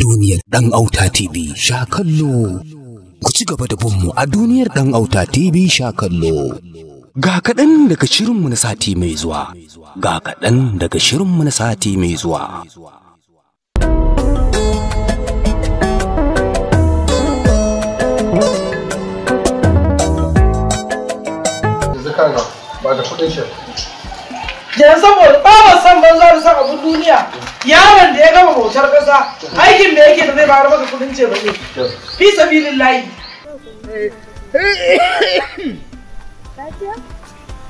duniyar ɗan auta TV sha kallo. Ku ci gaba da binmu a duniyar ɗan auta TV sha kallo. Ga kaɗan daga shirinmu na sati mai zuwa, ga kaɗan daga shirinmu na sati mai zuwa. ba da kuɗin shi. Yanzu saboda ba san banza da san abin duniya. yaron da ya gama bautar kasa, aikin da yake da zai bayar maka kudin ce bane fi sabilin layi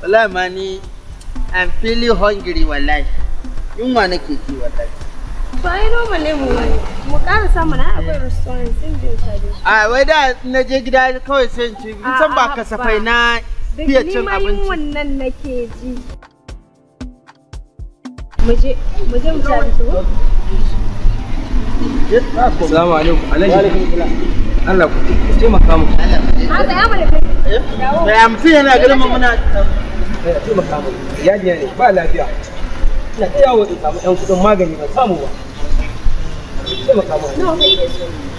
Wala ma ni i'm feeling hungry wallahi yunwa nake ci wallahi ba yi noma ne mu wani mu ƙara samu na akwai restaurant sun biyu kare a wai da na je gida kawai sai in ci san ba kasafai na fiye cin abinci ni ma nake ji muje mu tare su alaikum. Allah ku ah, Ya mutum yana eh, Ya ne ba lafiya. samu ɗan kuɗin magani ba samu ba.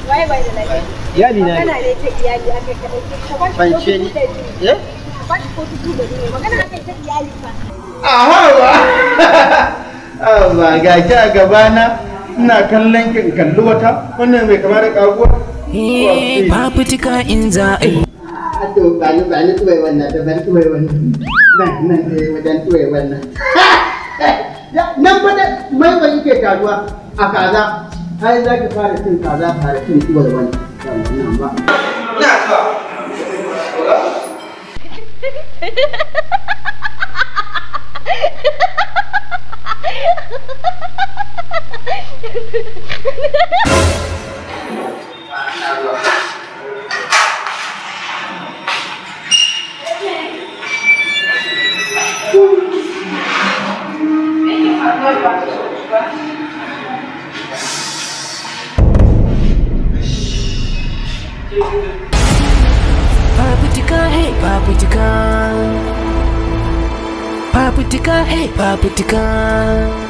Waye da lafiya? Iyali na. Kana ne ta iyali aka ni. ba ko tutu da Magana aka ta iyali fa. Aha ba. ba ga ki a gabana ina kallon ki kalli wata wannan mai kama da kaguwa fafutuka in za a yi to ba ni ba ni tuwai wannan da ba ni tuwai wannan nan nan wajen eh, tuwai wannan eh, nan fa da mai wani ke taruwa a kaza har za ki fara cin kaza fara cin tuwai wannan ba na zuwa Ha ha ha ha ha! Papa Jagai, Papa Jagai Paputika, hey, Paputika.